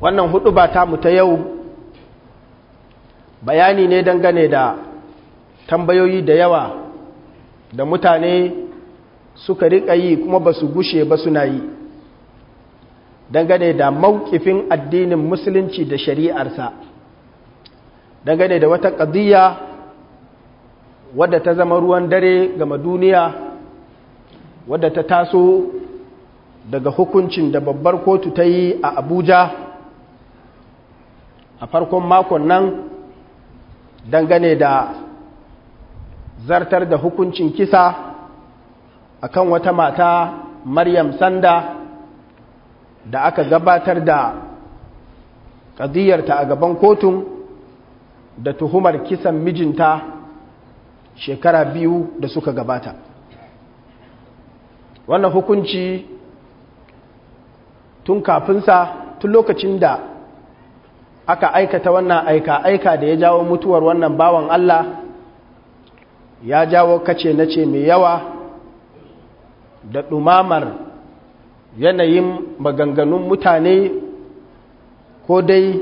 wannan hudu ba ta mu ta yau bayani ne dangane da tambayoyi da yawa da mutane suka riƙa yi kuma ba su gushe ba suna yi dangane da mawkifin addinin musulunci da shari'arsa dangane da wata ƙadiyya wadda ta zama ruwan dare gama duniya wadda ta taso daga hukuncin da babbar kotu ta yi a abuja a farkon makon nan dangane da zartar da hukuncin kisa akan wata mata maryam sanda da aka gabatar da ƙadiyarta a gaban kotun da tuhumar kisan mijinta shekara biyu da suka gabata wannan hukunci tun kafinsa tun lokacin da aka aikata wannan aika aika da ya jawo mutuwar wannan bawan Allah ya jawo kace nace mai yawa da ɗumamar yanayin maganganun mutane ko dai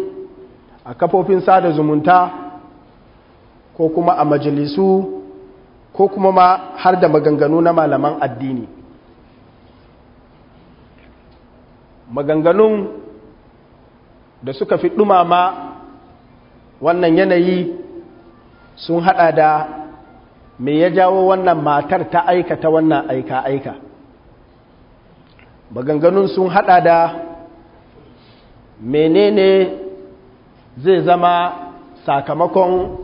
a kafofin sada zumunta ko kuma a majalisu ko kuma ma har da maganganu na malaman addini maganganun da suka fi ɗumama wannan yanayi sun haɗa da me ya jawo wannan matar ta aikata wannan aika-aika maganganun sun haɗa da menene zai zama sakamakon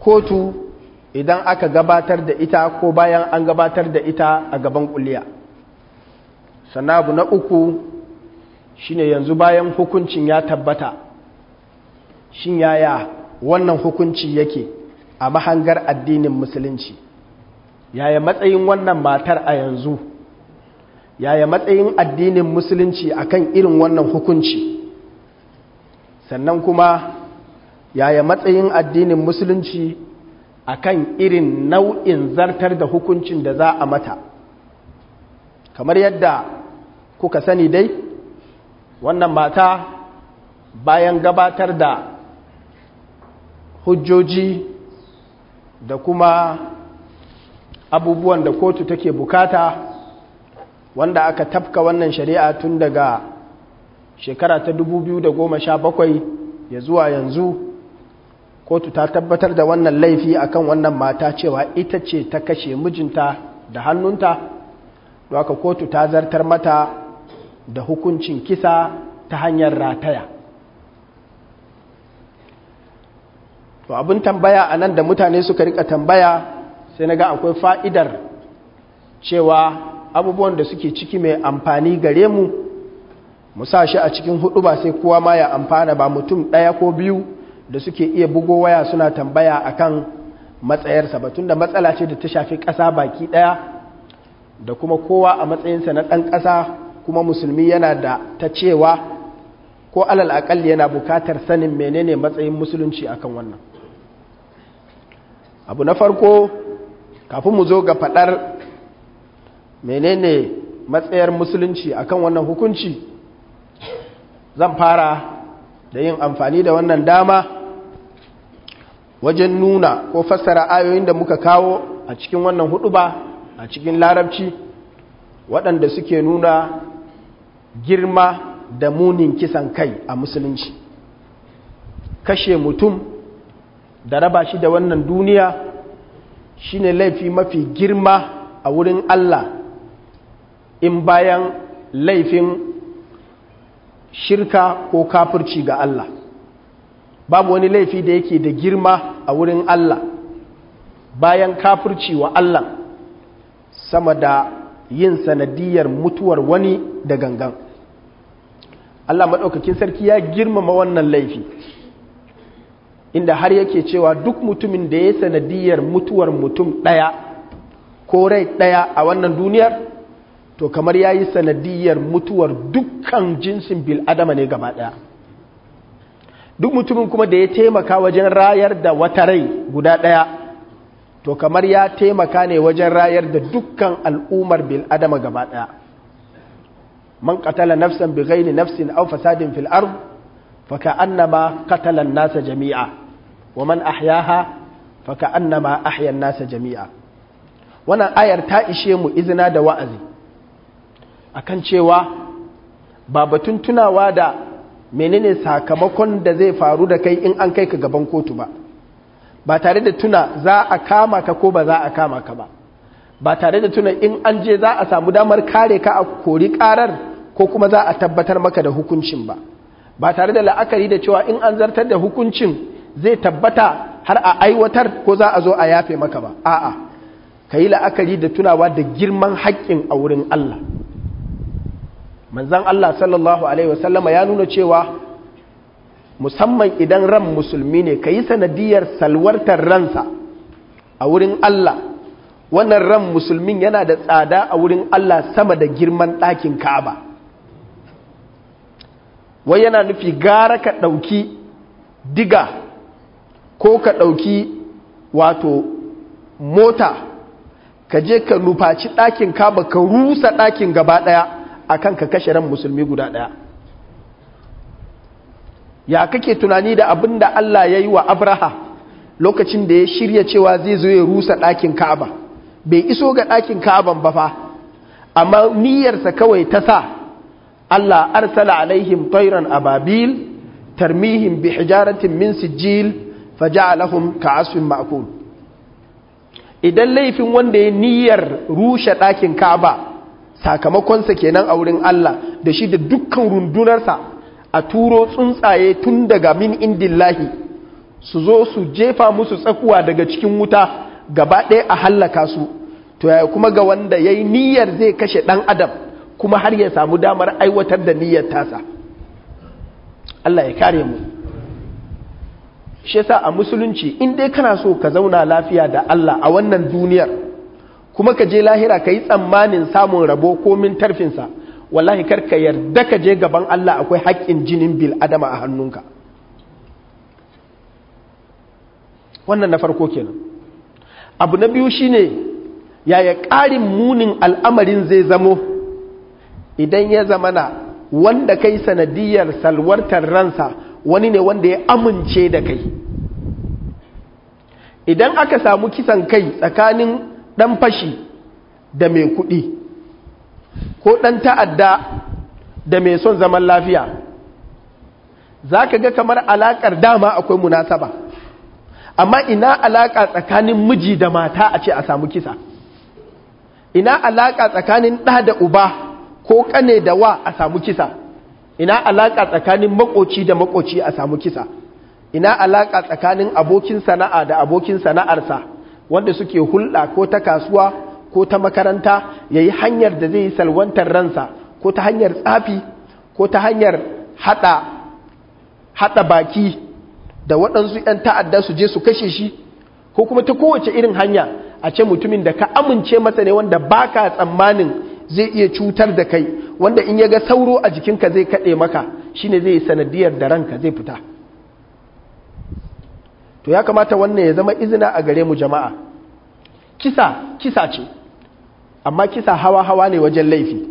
kotu idan aka gabatar da ita ko bayan an gabatar da ita a gaban kuliya sanabu na uku shine yanzu bayan hukuncin ya tabbata shin yaya wannan hukunci yake a mahangar addinin musulunci yaya matsayin wannan matar a yanzu yaya matsayin addinin musulunci akan irin wannan hukunci sannan kuma yaya matsayin addinin musulunci akan irin nau'in zartar da hukuncin da za a mata kamar yadda kuka sani dai wannan mata bayan gabatar da hujjoji da kuma abubuwan da kotu take bukata wanda aka tafka wannan shari'a tun daga shekara ta 2017 ya zuwa yanzu kotu ta tabbatar da wannan laifi akan wannan mata cewa ita ce ta kashe mijinta da hannunta da aka kotu ta zartar mata da hukuncin kisa ta hanyar rataya to abin tambaya a nan da mutane suka rika tambaya sai na ga akwai fa'idar cewa abubuwan da suke ciki mai amfani gare mu mu sa shi a cikin hudu ba sai kowa ma ya amfana ba mutum ɗaya ko biyu da suke iya bugo waya suna tambaya akan matsayarsa ba da matsala ce da ta shafi ƙasa baki ɗaya da kuma kowa a matsayinsa na ɗan ƙasa kuma musulmi yana da ta cewa ko alal akalli yana bukatar sanin menene matsayin musulunci akan wannan abu na farko kafin mu zo ga fadar menene matsayar musulunci akan wannan hukunci zan fara da yin amfani da wannan dama wajen nuna ko fassara ayoyin da muka kawo a cikin wannan hudu ba a cikin larabci waɗanda suke nuna girma da munin kisan kai a musulunci kashe mutum da raba shi da wannan duniya shine laifi mafi girma a wurin Allah in bayan laifin shirka ko kafirci ga Allah babu wani laifi da yake da girma a wurin Allah bayan kafirci wa Allah sama da yin sanadiyar mutuwar wani da gangan Allah maɗaukakin sarki ya girmama wannan laifi inda har yake cewa duk mutumin da ya sanadiyar mutuwar mutum ɗaya ko rai ɗaya a wannan duniyar to kamar ya yi sanadiyar mutuwar dukkan jinsin bil'adama ne gaba ɗaya duk mutumin kuma da ya taimaka wajen rayar da wata rai guda ɗaya to kamar ya taimaka ne wajen rayar da dukkan al'ummar bil'adama gaba ɗaya man qatala nafsan bighairi nafsin aw fasadin fil ard fa ka'annama nasa jami'a wa man ahyaha fa ka'annama ahya nasa jami'a wannan ayar ta ishe mu izina da wa'azi akan cewa ba batun tunawa da menene sakamakon da zai faru da kai in an kai ka gaban kotu ba ba tare da tuna za a kama ka ko ba za a kama ka ba ba tare da tuna in an je za a samu damar kare ka a kori karar ko kuma za a tabbatar maka da hukuncin ba ba tare da la'akari da cewa in an zartar da hukuncin zai tabbata har a aiwatar ko za a zo a yafe maka ba a'a ka yi la'akari da tunawa da girman haƙƙin a wurin Allah manzan Allah sallallahu alaihi wasallama ya nuna cewa musamman idan ran musulmi ne ka yi sanadiyar salwartar ransa a wurin Allah wannan ran musulmin yana da tsada a wurin Allah sama da girman ɗakin Ka'aba wai yana nufi gara ka ɗauki diga ko ka ɗauki wato mota ka je ka nufaci ɗakin kaba ka rusa ɗakin gaba ɗaya kan ka kashe ran musulmi guda ɗaya ya kake tunani da abin da Allah ya yi wa abraha lokacin da ya shirya cewa zai zo ya rusa ɗakin ka'aba bai iso ga ɗakin ka'aban ba fa amma niyyarsa kawai ta sa Allah arsala alaihim tairan ababil tarmihim bi hijaratin min sijil faja'alahum ka'asfin ma'kul idan laifin wanda ya niyyar rushe ɗakin Ka'aba sakamakonsa kenan a wurin Allah da shi da dukkan rundunarsa a turo tsuntsaye tun daga min indillahi su zo su jefa musu tsakuwa daga cikin wuta gaba ɗaya a hallaka su to yaya kuma ga wanda yayi niyyar zai kashe ɗan adam kuma har ya samu damar aiwatar da niyyar tasa Allah ya kare mu shi yasa a musulunci in dai kana so ka zauna lafiya da Allah a wannan duniyar kuma ka je lahira ka yi tsammanin samun rabo ko min tarfinsa wallahi karka yarda ka je gaban Allah akwai haƙƙin jinin bil adama a hannunka wannan na farko kenan abu na biyu shine yaya ƙarin munin al'amarin zai zamo idan ya zama na wanda kai sanadiyar salwartar ransa wani ne wanda ya amince da kai idan aka samu kisan kai tsakanin ɗan fashi da mai kuɗi ko ɗan ta'adda da mai son zaman lafiya za ka ga kamar alaƙar dama akwai munasaba amma ina alaƙa tsakanin miji da mata a ce a samu kisa ina alaƙa tsakanin ɗa da uba ko kane da wa a samu kisa ina alaka tsakanin makoci da makoci a samu kisa ina alaka tsakanin abokin sana'a da abokin sana'arsa wanda suke hulɗa ko ta kasuwa ko ta makaranta yayi hanyar da zai yi salwantar ransa ko ta hanyar tsafi ko ta hanyar hada baki da waɗansu 'yan ta'adda su je su kashe shi ko kuma ta kowace irin hanya a ce mutumin da ka amince masa ne wanda baka tsammanin zai iya cutar da kai wanda in ya ga sauro a jikinka zai kaɗe maka shine zai yi sanadiyar da ranka zai fita to ya kamata wannan ya zama izina a gare mu jama'a kisa kisa ce amma kisa hawa-hawa ne wajen laifi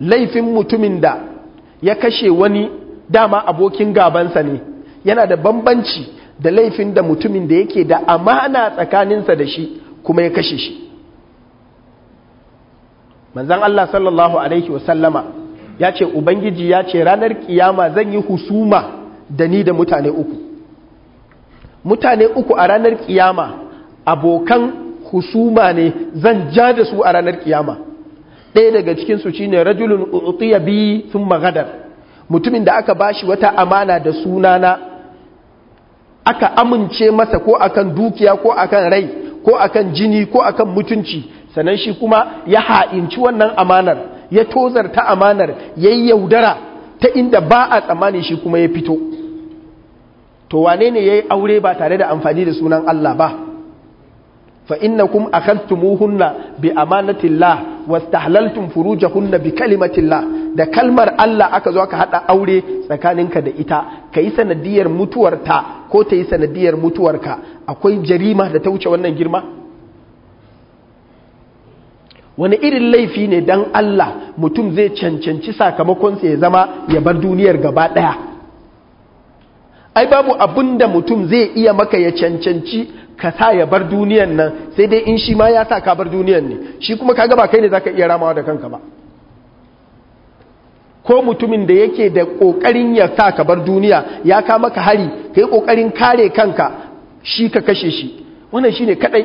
laifin mutumin da ya kashe wani dama abokin gabansa ne yana da bambanci da laifin da mutumin da yake da amana tsakaninsa da shi kuma ya kashe shi manzon Allah sallallahu alaihi wasallama ya ce ubangiji ya ce ranar kiyama zan yi husuma da ni da mutane uku mutane uku a ranar kiyama abokan husuma ne zan ja da su a ranar kiyama ɗaya daga cikinsu shi ne rajulun utiya bi sun magadar mutumin da aka bashi wata amana da sunana aka amince masa ko akan dukiya ko akan rai ko akan jini ko akan mutunci sanan shi kuma ya ha'inci wannan amanar ya tozarta amanar ya yi yaudara ta inda ba a tsammani shi kuma ya fito to wane ne ya yi aure ba tare da amfani da sunan Allah ba fa mu hunna bi amanatillah furuja hunna bi kalimatillah da kalmar Allah aka zo aka hada aure tsakaninka da ita ka yi sanadiyar mutuwarta ko ta yi sanadiyar mutuwarka akwai jarima da ta wuce wannan girma wani irin laifi ne dan Allah mutum zai cancanci sakamakonsa ya zama ya bar duniyar gaba daya ai babu abin da mutum zai iya maka ya cancanci ka sa ya bar duniyan nan sai dai in shi ma ya sa ka bar duniyan ne shi kuma ka gaba kai ne za ka iya ramawa da kanka ba ko mutumin da yake da kokarin ya sa ka bar duniya ya ka maka hari yi kokarin kare kanka shi ka kashe shi wannan shi ne kaɗai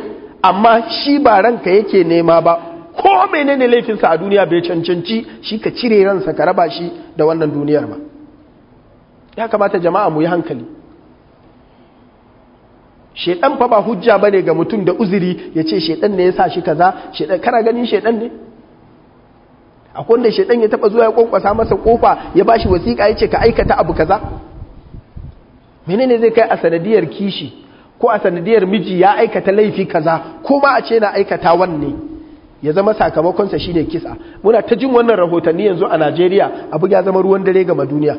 amma shi ba ranka yake nema ba ko mene ne laifinsa a duniya bai cancanci shi ka cire ransa ka raba shi da wannan duniyar ba ya kamata jama'a mu yi hankali shedan fa ba hujja bane ga mutum da uzuri ya ce shedan ne ya sa shi kaza shedan kana ganin shedan ne akwai wanda shedan ya taba zuwa ya kwankwasa masa kofa ya ba shi wasiƙa ya ce ka aikata abu kaza ne zai kai a sanadiyar kishi ko a sanadiyar miji ya aikata laifi kaza ko ba a ce na aikata wanne ya zama sakamakonsa shine kisa muna ta jin wannan rahotanni yanzu a Najeriya abu ya zama ruwan dare ga duniya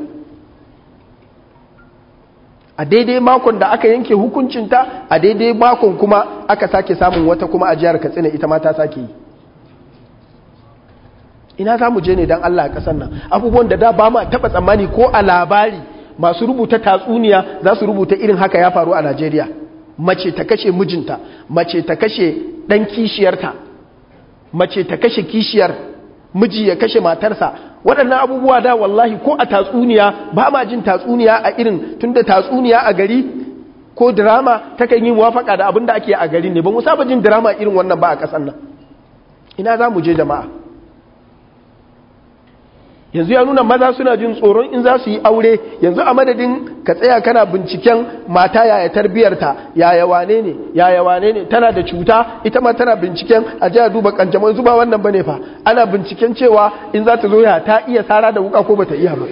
a daidai makon da aka yanke hukuncinta a daidai makon kuma aka sake samun wata kuma a jihar katsina ita mata sake yi ina za mu je ne don allah a ƙasar nan abubuwan da da ba ma taɓa tsammani ko a labari masu rubuta tatsuniya za su rubuta irin haka ya faru a najeriya mace ta kashe mijinta mace ta kashe ɗan kishiyarta mace ta kashe kishiyar miji ya kashe matarsa waɗannan abubuwa da wallahi ko a tatsuniya ba ma jin tatsuniya a irin tunda tatsuniya a gari ko drama takan yi wafaka da abin da ake a gari ne ba mu saba jin drama irin wannan ba a ƙasar nan ina za mu je jama'a yanzu ya nuna maza suna jin tsoron in za su yi aure yanzu a madadin ka tsaya kana binciken mata yaya tarbiyarta yaya wane ne yaya wane ne tana da cuta ita ma tana binciken a ji a duba kanjamai zuba wannan bane fa ana binciken cewa in za ta zo ya ta iya tsara da wuka ko ba ta iya ba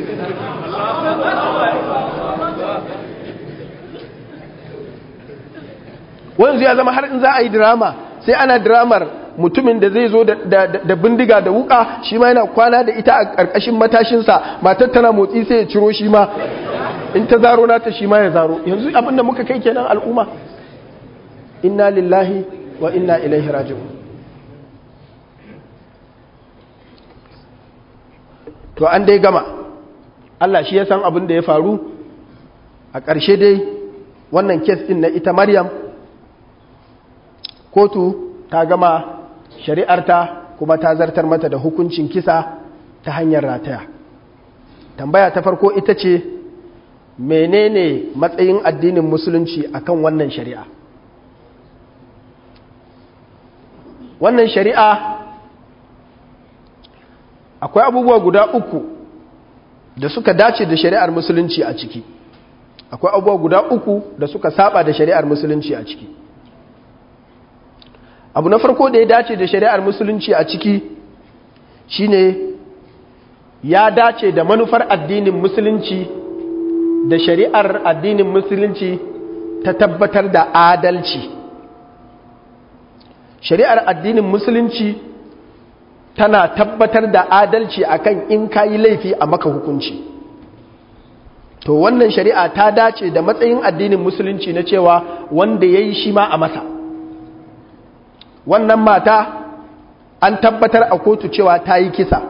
wanzu ya zama har in za a yi drama sai ana dramar mutumin da zai zo da bindiga da wuka shi ma yana kwana da ita a ƙarƙashin matashinsa matar tana motsi sai ya ciro shi ma in ta zaro nata shi ma ya zaro yanzu abinda muka kai kenan al'umma inna lillahi wa inna ilaihi raji'un to an dai gama Allah shi ya san abin da ya faru a ƙarshe dai wannan kes ɗin na ita maryam kotu ta gama shari'arta kuma ta zartar mata da hukuncin kisa ta hanyar rataya tambaya ta farko ita ce menene matsayin addinin musulunci akan wannan shari'a wannan shari'a akwai abubuwa guda uku da suka dace da shari'ar musulunci a ciki akwai abubuwa guda uku da suka saba da shari'ar musulunci a ciki abu na farko da ya dace da shari'ar musulunci a ciki shine ya dace da manufar addinin musulunci da shari'ar addinin musulunci ta tabbatar da adalci shari'ar addinin musulunci tana tabbatar da adalci akan in kayi laifi a maka hukunci to wannan shari'a ta dace da matsayin addinin musulunci na cewa wanda ya yi shi ma a masa wannan mata an tabbatar a kotu cewa ta yi kisa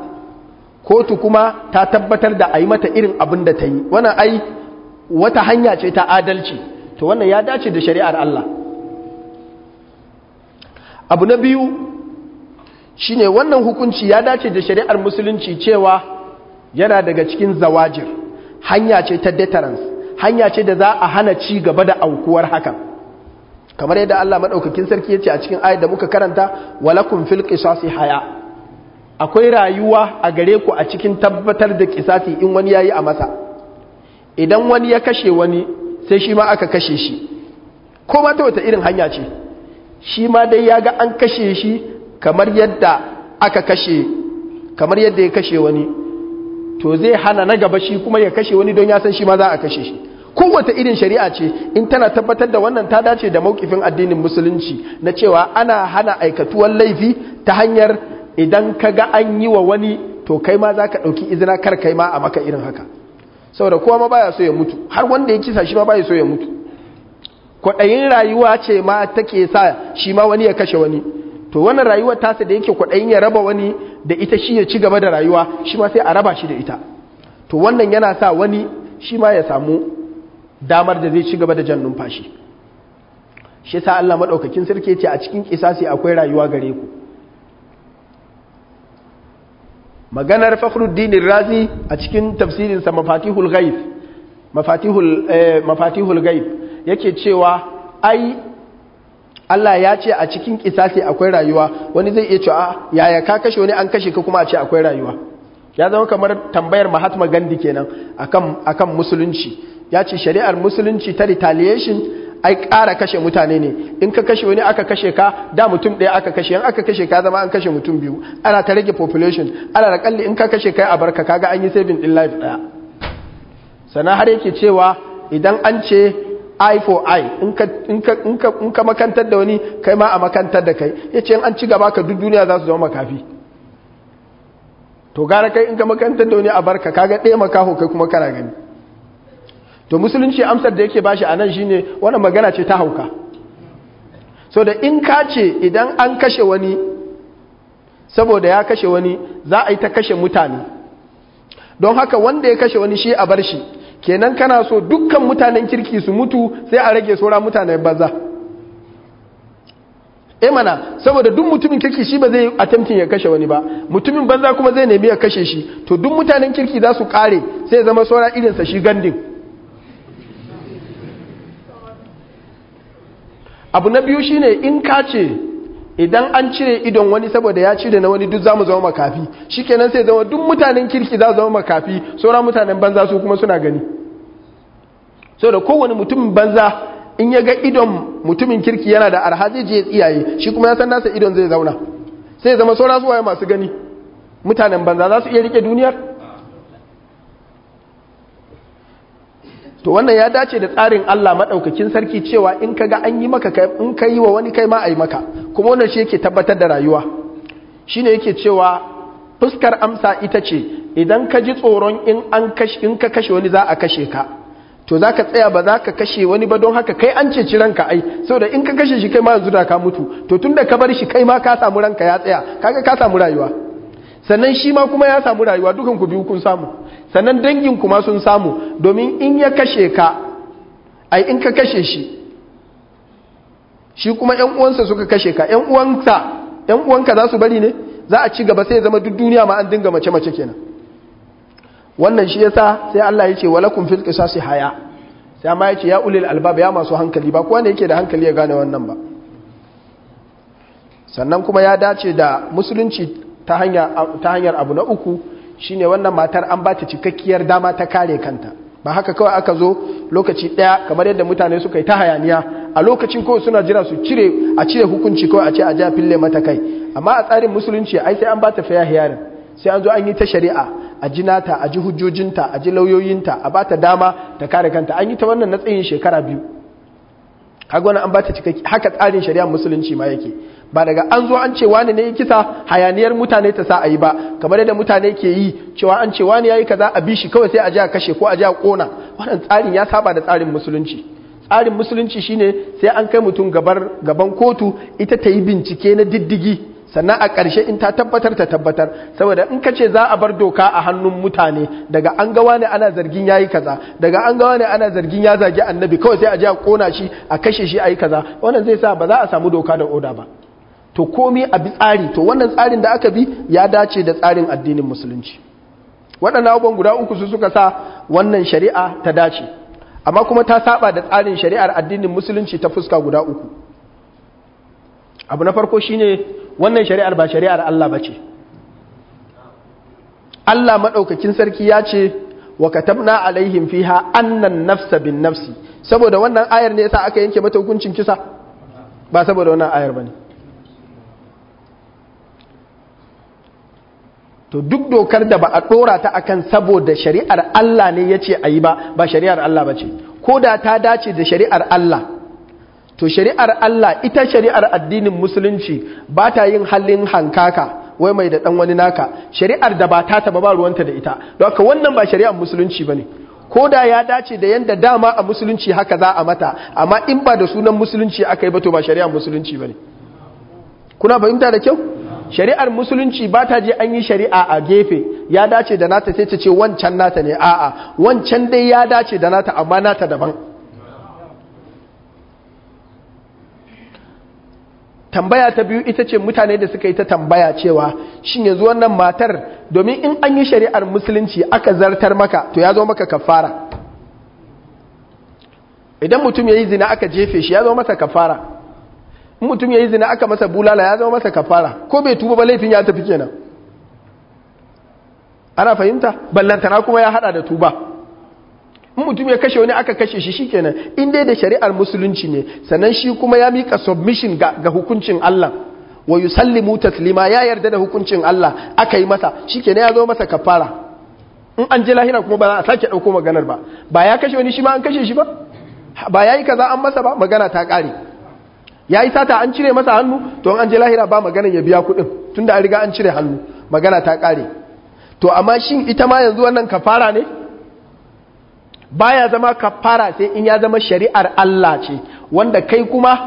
kotu kuma ta tabbatar da a yi mata irin abin da ta yi wannan ai wata hanya ce ta adalci to wannan ya dace da shari'ar Allah abu na biyu shi ne wannan hukunci ya dace da shari'ar musulunci cewa yana daga cikin zawajir hanya ce ta deterrence hanya ce da za a hana ci gaba da aukuwar hakan kamar yadda Allah madaukakin sarki yace a cikin ayat da muka karanta walakun fil qisasi haya akwai rayuwa a gare ku a cikin tabbatar da qisasi in wani yayi a masa idan wani ya kashe wani sai shi ma aka kashe shi ko ma ta wata irin hanya ce shi ma dai ya ga an kashe shi kamar yadda aka kashe kamar yadda ya kashe wani to zai hana na gaba shi kuma ya kashe wani don ya san shi ma za a kashe shi kowace irin shari'a ce in tana tabbatar da wannan ta dace da mawkifin addinin musulunci na cewa ana hana aikatuwar laifi ta hanyar idan ka ga an yi wa wani to kai ma za ka ɗauki izina kar kai ma a maka irin haka saboda kowa ma baya so ya mutu har wanda ya kisa shi ma baya so ya mutu kwaɗayin rayuwa ce ma take sa shi ma wani ya kashe wani to wannan rayuwar tasa da yake kwaɗayin ya raba wani da ita shi ya ci gaba da rayuwa shi ma sai a raba shi da ita to wannan yana sa wani shi ma ya samu damar da zai ci gaba da jan numfashi shi sa Allah maɗaukakin sarki ce a cikin kisasi akwai rayuwa gare ku maganar fakhruddin razi a cikin tafsirinsa mafatihul ghaib mafatihul eh, mafatihul yake cewa ai Allah ya ce a cikin kisasi akwai rayuwa wani zai iya cewa yaya ka kashe wani an kashe ka kuma a ce akwai rayuwa ya zama kamar tambayar Mahatma gandi kenan a kan musulunci ya ce shari'ar musulunci ta retaliation ai ƙara kashe mutane ne in ka kashe wani aka kashe ka da mutum ɗaya aka kashe in aka kashe ka zama an kashe mutum biyu ana ta rage population ana da kalli in ka kashe kai a barka kaga an yi saving in life ɗaya sannan har yake cewa idan an ce eye for eye in ka makantar da wani kai ma a makantar da kai ya ce an ci gaba ka duk duniya za su zama makafi to gara kai in ka makantar da wani a barka kaga ɗaya makaho kai kuma kana gani to musulunci amsar da yake bashi a nan shine wannan magana ce ta hauka so da in ka ce idan an kashe wani saboda ya kashe wani za a yi ta kashe mutane don haka wanda ya kashe wani shi a bar shi kenan kana so dukkan mutanen kirki su mutu sai a rage saura mutanen banza e mana saboda duk mutumin kirki shi ba zai attempting ya kashe wani ba mutumin banza kuma zai nemi ya kashe shi to duk mutanen kirki za su kare sai zama saura irinsa shi gandin abu na biyu shine in ka ce idan an cire idon wani saboda ya cire na wani duk zamu zama makafi shi kenan sai zama duk mutanen kirki za zama makafi sauran mutanen banza su kuma suna gani da kowane mutumin banza in ya ga idon mutumin kirki yana da arhaji je tsiyaye shi kuma ya san nasa idon zai zauna sai zama saura zuwa masu gani mutanen banza za su iya rike duniyar to wannan ya dace da tsarin Allah madaukakin sarki cewa in kaga an yi maka in ka wa wani kai ma ai maka kuma wannan shi yake tabbatar da rayuwa shine yake cewa fuskar amsa ita ce idan ka ji tsoron in an kashe in ka kashe wani za a kashe ka to za tsaya ba za ka kashe wani ba don haka kai an ceci ranka ai saboda in ka kashe shi kai ma yanzu da ka mutu to tunda ka bar shi kai ma ka samu ranka ya tsaya kaga ka samu rayuwa sannan shi ma kuma ya samu rayuwa dukan ku biyu kun samu sannan dangin kuma sun samu domin in ya kashe ka ai in ka kashe shi shi kuma yan uwansa suka kashe ka yan uwansa yan uwanka za su bari ne za a ci gaba sai zama duk duniya ma an dinga mace mace kenan wannan shi yasa sai Allah ya ce walakum fil qisasi haya sai amma ya ce ya ulil albab ya masu hankali ba kowa ne yake da hankali ya gane wannan ba sannan kuma ya dace da musulunci ta hanyar abu na uku Shi ne wannan matar an ba ta cikakkiyar dama ta kare kanta ba haka kawai aka zo lokaci ɗaya kamar yadda mutane suka yi ta hayaniya a lokacin kawai suna jira su cire a cire hukunci kawai a ce a ja fille mata kai amma a tsarin musulunci ai sai an ba ta faya hiyarin sai an zo an yi ta shari'a a ji nata a ji hujjojinta a ji lauyoyinta a ba ta dama ta kare kanta an yi ta wannan na tsayin shekara biyu kaga wani an ba ta cikakki haka tsarin shari'a musulunci ma yake ba daga an zo an ce wani ne ya kisa hayaniyar mutane ta sa a yi ba kamar yadda mutane ke yi cewa an ce wani ya yi kaza a bishi kawai sai a ji a kashe ko a ji a kona wannan tsarin ya saba da tsarin musulunci tsarin musulunci shine sai an kai mutum gaban kotu ita ta yi bincike na diddigi sannan a ƙarshe in ta tabbatar ta tabbatar saboda in ka ce za a bar doka a hannun mutane daga an gawa ne ana zargin ya yi kaza daga an gawa ne ana zargin ya zagi annabi kawai sai a ji a kona shi a kashe shi a yi kaza wannan zai sa ba za a samu doka da oda ba to komi a bi tsari to wannan tsarin da aka bi ya dace da tsarin addinin musulunci waɗannan abubuwan guda uku su suka sa wannan shari'a ta dace amma kuma ta saba da tsarin shari'ar addinin musulunci ta fuska guda uku abu na farko shine wannan shari'ar ba shari'ar Allah bace Allah madaukakin sarki ya ce wa katabna alaihim fiha annan nafsa bin nafsi saboda wannan ayar ne yasa aka yanke mata hukuncin kisa ba saboda wannan ayar bane to duk dokar da ba a ɗora ta akan saboda shari'ar Allah ne ya ce a yi ba ba shari'ar Allah ba ce ko da ta dace da shari'ar Allah to shari'ar Allah ita shari'ar addinin musulunci ba ta yin halin hankaka wai mai da ɗan wani naka shari'ar da ba ta ba ruwanta da ita don haka wannan ba shari'ar musulunci ba ne ko da ya dace da yadda dama a musulunci haka za a mata amma in ba da sunan musulunci aka yi ba to ba shari'ar musulunci ba ne kuna fahimta da kyau shari'ar musulunci ba ta je an yi shari'a a gefe ya dace da nata sai ta ce wancan nata ne a'a wancan dai ya dace da nata amma nata daban tambaya ta biyu ita ce mutane da suka yi ta tambaya cewa shin yanzu nan matar domin in an yi shari'ar musulunci aka zartar maka to ya zo maka kafara idan mutum ya yi zina aka jefe shi ya zo masa kafara mutum ya yi zina aka masa bulala ya zama masa kafara ko bai tuba ba laifin ya tafi kenan ana fahimta ballantana kuma ya hada da tuba mutum ya kashe wani aka kashe shi shikenan in dai da shari'ar musulunci ne sannan shi kuma ya mika submission ga, hukuncin Allah wa yusallimu taslima ya yarda da hukuncin Allah aka yi masa shikenan ya zama masa kafara in an je lahira kuma ba za a sake dauko maganar ba ba ya kashe wani shi ma an kashe shi ba ba yayi kaza an masa ba magana ta kare ya yi sata an cire masa hannu to an je lahira ba maganan ya biya kuɗin tunda an riga an cire hannu magana ta kare to amma shin ita ma yanzu wannan kafara ne baya zama kafara sai in ya zama shari'ar Allah ce wanda kai kuma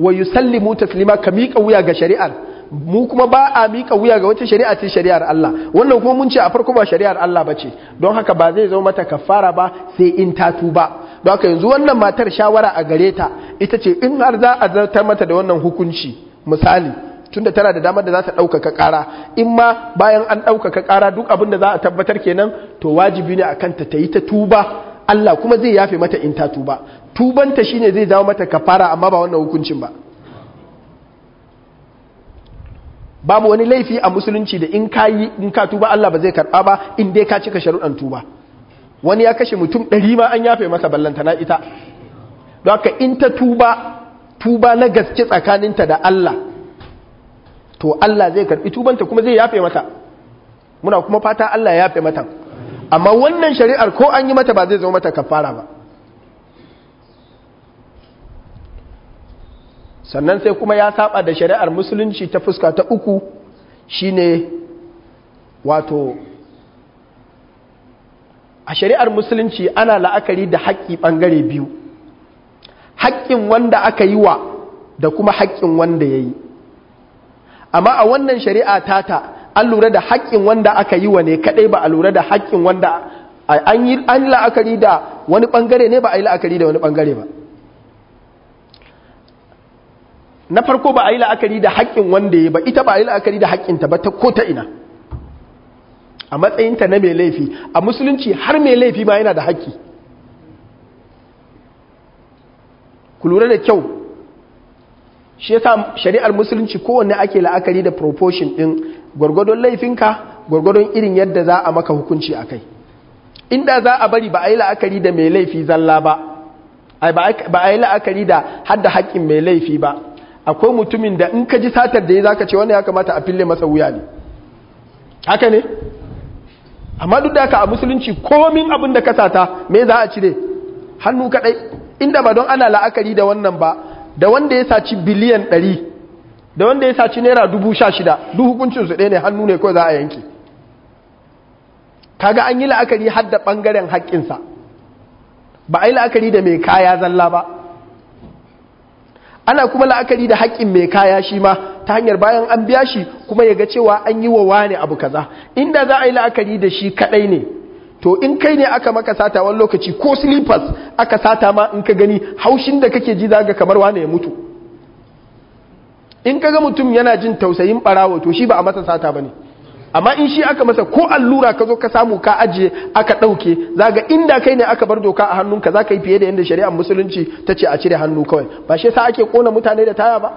wa yusallimu taslima ka miƙa wuya ga shari'ar mu kuma ba a miƙa wuya ga wata shari'a ce shari'ar Allah wannan kuma mun ce a farko ba shari'ar Allah bace, don haka ba zai zama mata kafara ba sai in ta tuba don yanzu wannan matar shawara a gare ta ita ce in har za a zartar mata da wannan hukunci misali tunda tana da damar da za ta ɗaukaka ƙara in ma bayan an ɗaukaka ƙara duk abin da za a tabbatar kenan to wajibi ne a kanta ta yi ta tuba Allah kuma zai yafe mata in ta tuba tubanta shine zai zama mata kafara amma ba wannan hukuncin ba babu wani laifi a musulunci da in ka tuba Allah ba zai karɓa ba in dai ka cika sharuɗan tuba wani ya kashe mutum ɗari ma an yafe masa ballantana ita don haka in ta tuba tuba na gaske tsakaninta da Allah to Allah zai karbi tubanta kuma zai yafe mata muna kuma fata Allah ya yafe mata amma wannan shari'ar ko an yi mata ba zai zama mata kafara ba sannan sai kuma ya saba da shari'ar musulunci ta fuska ta uku shine wato a shari'ar musulunci ana la'akari da haƙƙi ɓangare biyu haƙƙin wanda aka yi wa da kuma haƙƙin wanda ya yi amma a wannan shari'a tata an lura da haƙƙin wanda aka yi wa ne kaɗai ba a lura da haƙƙin wanda an yi la'akari da wani ɓangare ne ba a yi la'akari da wani ɓangare ba na farko ba a yi la'akari da haƙƙin wanda ya yi ba ita ba a yi la'akari da haƙƙinta ba ta ko ta ina a matsayinta na mai laifi a musulunci har mai laifi ma yana da haƙƙi ku lura da kyau shi yasa shari'ar musulunci kowanne ake la'akari da proportion din gwargwadon laifinka gwargwadon irin yadda za a maka hukunci a kai inda za a bari ba a yi la'akari da mai laifi zalla ba ba a yi la'akari da hadda haƙƙin mai laifi ba akwai mutumin da in ka ji satar da ya zaka ce wanda ya kamata a fille masa wuya ne haka ne amma duk da ka a musulunci komin abin da ka sata me za a cire hannu kadai inda ba don ana la'akari da wannan ba da wanda ya saci biliyan 100 da wanda ya saci naira 16,000 duk hukuncin su ɗaya ne hannu ne ko za a yanki kaga an yi la'akari har da ɓangaren haƙƙinsa ba a yi la'akari da mai kaya zalla ba ana kuma la'akari da haƙƙin mai kaya shi ma ta hanyar bayan an biya shi kuma ya ga cewa an yi wa wani abu kaza inda za a yi la'akari da shi kaɗai ne to in kai ne aka maka sata wani lokaci ko slippers aka sata ma in ka gani haushin da kake ji zaga kamar wani ya mutu in ka ga mutum yana jin tausayin barawo to shi ba a masa sata ba ne. amma in shi aka masa ko allura ka zo ka samu ka ajiye aka ɗauke za ga inda kai ne aka bar doka a hannunka za ka yi fiye da yadda shari'ar musulunci ta ce a cire hannu kawai ba shi sa ake kona mutane da taya ba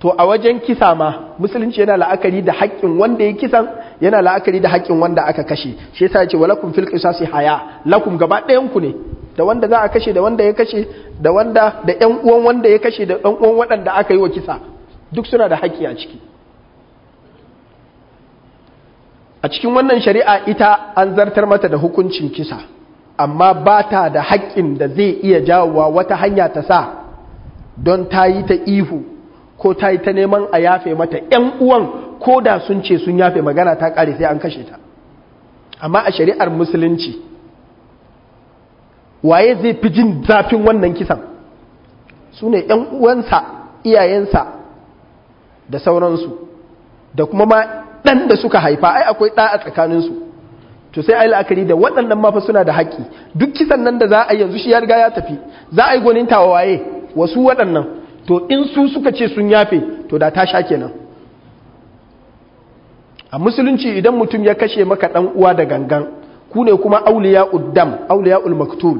to a wajen kisa ma musulunci yana la'akari da haƙƙin wanda ya kisan yana la'akari da haƙƙin wanda aka kashe shi yasa ce walakum fil qisasi haya lakum gaba ɗayan ku ne da wanda za a kashe da wanda ya kashe da wanda da ƴan uwan wanda ya kashe da ɗan uwan waɗanda aka yi wa kisa duk suna da haƙƙi a ciki a cikin wannan shari'a ita an zartar mata da hukuncin kisa amma ba ta da haƙƙin da zai iya jawowa wata hanya ta sa don ta yi ta ihu ko ta yi ta neman a yafe mata 'yan uwan ko da sun ce sun yafe magana ta ƙare sai an kashe ta amma a shari'ar musulunci waye zai fi jin zafin wannan kisan su ne 'yan uwansa iyayensa da sauransu da kuma ma ɗan da suka haifa ai akwai ɗa a tsakaninsu to sai ai la'akari da waɗannan mafa suna da haƙƙi duk kisan nan da za a yanzu shi ya riga ya tafi za a yi gwanin waye wasu waɗannan to in su suka ce sun yafe to da ta sha kenan a musulunci idan mutum ya kashe maka ɗan uwa da gangan ku ne kuma auliya uddam auliya ulmaktul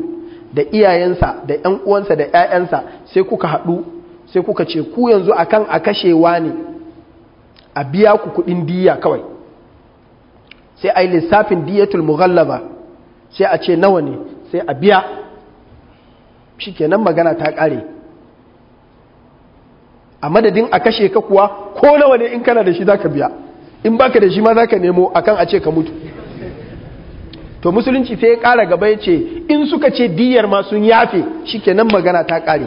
da iyayensa da yan uwansa da ƴaƴansa sai kuka haɗu sai kuka ce ku yanzu akan a kashewa ne a biya ku kudin diya kawai sai a yi lissafin diyatul mughallaba sai a ce nawa ne sai a biya shikenan magana ta kare a madadin a kashe ka kuwa ko nawa ne in kana da shi zaka biya in baka da shi ma zaka nemo akan a ce ka mutu to musulunci sai ya kara gaba ya ce in suka ce diyar ma sun yafe shikenan magana ta kare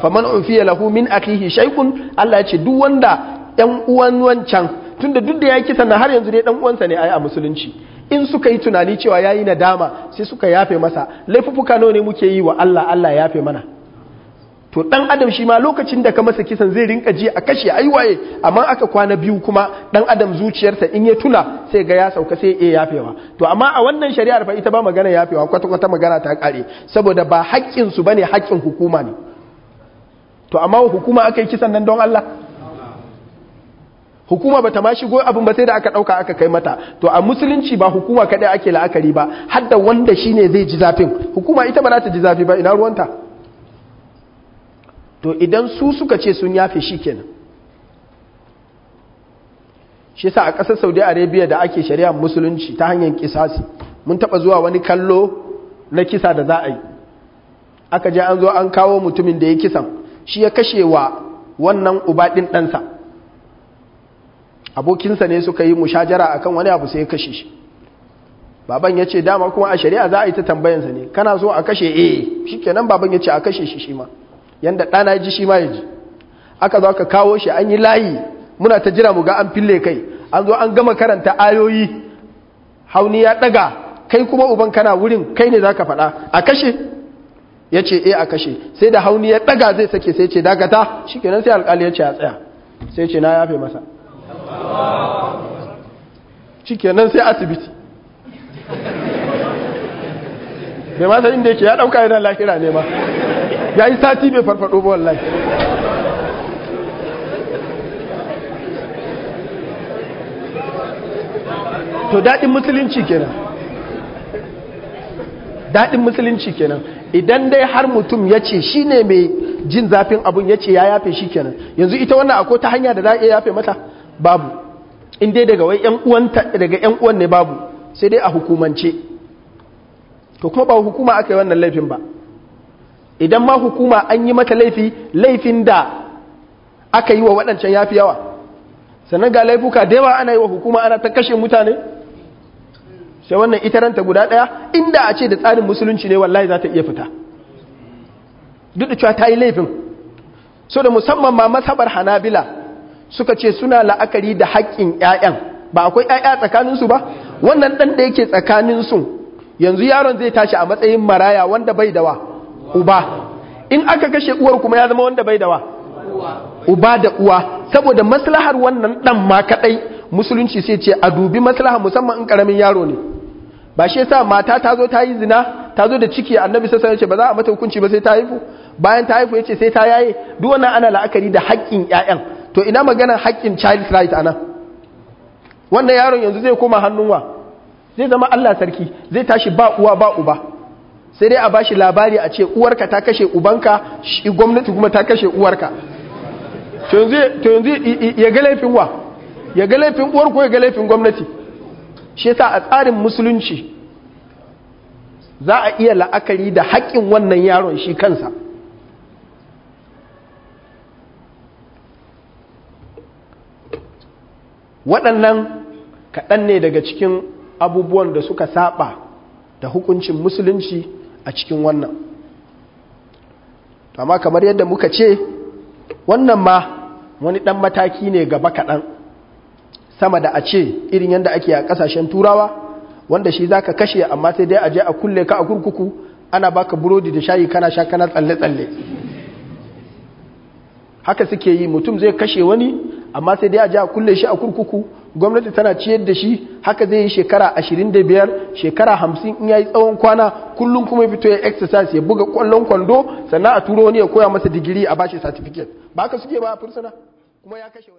faman ufiya lahu min akhihi shaikun Allah ya ce duk wanda yan uwan wancan tunda duk da ya yi kisan na har yanzu ne ɗan uwansa ne a yi a musulunci in suka yi tunani cewa ya yayi nadama sai suka yafe masa laifuka nawa ne muke yi wa Allah Allah yafe mana to ɗan adam shi ma lokacin da ka masa kisan zai rinka ji a kashe aiwaye waye amma aka kwana biyu kuma ɗan adam zuciyarsa in ya tuna sai ga ya sauka sai ya yafewa to amma a wannan shari'ar fa ita ba magana yafewa kwata kwata magana ta kare saboda ba haƙƙin su bane haƙƙin hukuma ne to amma hukuma aka yi kisan nan don Allah hukuma ba ta ma shigo abin ba sai da aka ɗauka aka kai mata to a musulunci ba hukuma kaɗai ake la'akari ba har da wanda ne zai ji zafin hukuma ita ba za ta ji zafi ba ina ruwanta to idan su suka ce sun yafe shi kenan shi sa a ƙasar saudi arabia da ake shari'ar musulunci ta hanyar kisasi mun taɓa zuwa wani kallo na kisa da za a yi aka je an zo an kawo mutumin da ya kisan shi ya kashe wa wannan ubaɗin ɗansa abokinsa ne suka yi mushajara akan wani abu sai ya kashe shi baban ya ce dama kuma a shari'a za a yi ta tambayansa ne kana so a kashe eh shikenan baban ya ce a kashe shi shi ma yadda ɗana ji shi ma ya ji aka zo aka kawo shi an yi layi muna ta jira mu ga an fille kai an zo an gama karanta ayoyi hauni ya ɗaga kai kuma uban kana wurin kai ne za ka faɗa a kashe ya ce eh a kashe sai da hauni ya ɗaga zai sake sai ce dakata shikenan sai alƙali ya ce a tsaya sai ce na yafe masa shikenan sai asibiti bai ma inda yake ya ɗauka yana lahira ne ma ya yi sati bai farfado ba wallahi to daɗin musulunci kenan daɗin musulunci kenan idan dai har mutum ya ce shi ne mai jin zafin abun ya ce ya yafe shi kenan yanzu ita wannan akwai ta hanya da za a iya yafe mata babu in dai daga ‘yan uwan ne babu sai dai a hukumance to kuma ba hukuma aka yi wannan laifin ba idan ma hukuma an yi mata laifi laifin da aka yi wa waɗancan ya fi yawa sannan ga laifuka da yawa ana yi wa hukuma ana ta kashe mutane sai wannan ita ranta guda ɗaya inda a ce da tsarin musulunci ne wallahi za ta iya fita duk da cewa ta yi laifin so da musamman ma masabar hanabila suka ce suna la'akari da haƙƙin ƴaƴan. ba akwai 'ya'ya tsakaninsu ba wannan ɗan da yake tsakaninsu yanzu yaron zai tashi a matsayin maraya wanda bai dawa uba in aka kashe uwar kuma ya zama wanda bai dawa uba da uwa saboda maslahar wannan ɗan ma kaɗai musulunci sai ce a dubi maslaha musamman in ƙaramin yaro ne ba shi yasa mata ta zo ta yi zina ta zo da ciki annabi sai ya ce ba za a mata hukunci ba sai ta haifu bayan ta haifu yace sai ta yaye duk wannan ana la'akari da haƙƙin ƴaƴan? to ina maganar hakkin child right a wannan yaron yanzu zai koma hannunwa zai zama allah sarki zai tashi ba uwa ba uba sai dai a ba shi labari a ce uwarka ta kashe ubanka shi gwamnati kuma ta kashe uwarka to yanzu ya ga laifin wa ya ga laifin uwar ko ya ga laifin gwamnati shi ta a tsarin musulunci za a iya la'akari da haƙƙin wannan yaron shi kansa waɗannan kaɗan ne daga cikin abubuwan da suka saba da hukuncin musulunci a cikin wannan amma kamar yadda muka ce wannan ma wani ɗan mataki ne gaba kaɗan sama da a ce irin yadda ake a ƙasashen turawa wanda shi za ka kashe amma sai dai a je a kulle ka a kurkuku ana baka burodi da shayi kana sha kana tsalle-tsalle haka suke yi mutum zai kashe wani amma sai dai a ja kulle shi a kurkuku gwamnati tana ciyar da shi haka zai yi shekara 25 shekara 50 in yi tsawon kwana kullum kuma fito ya exercise ya buga kwallon kwando sannan a turo wani ya koya masa digiri a bashi certificate ba haka suke ba a fursuna kuma ya kashe wani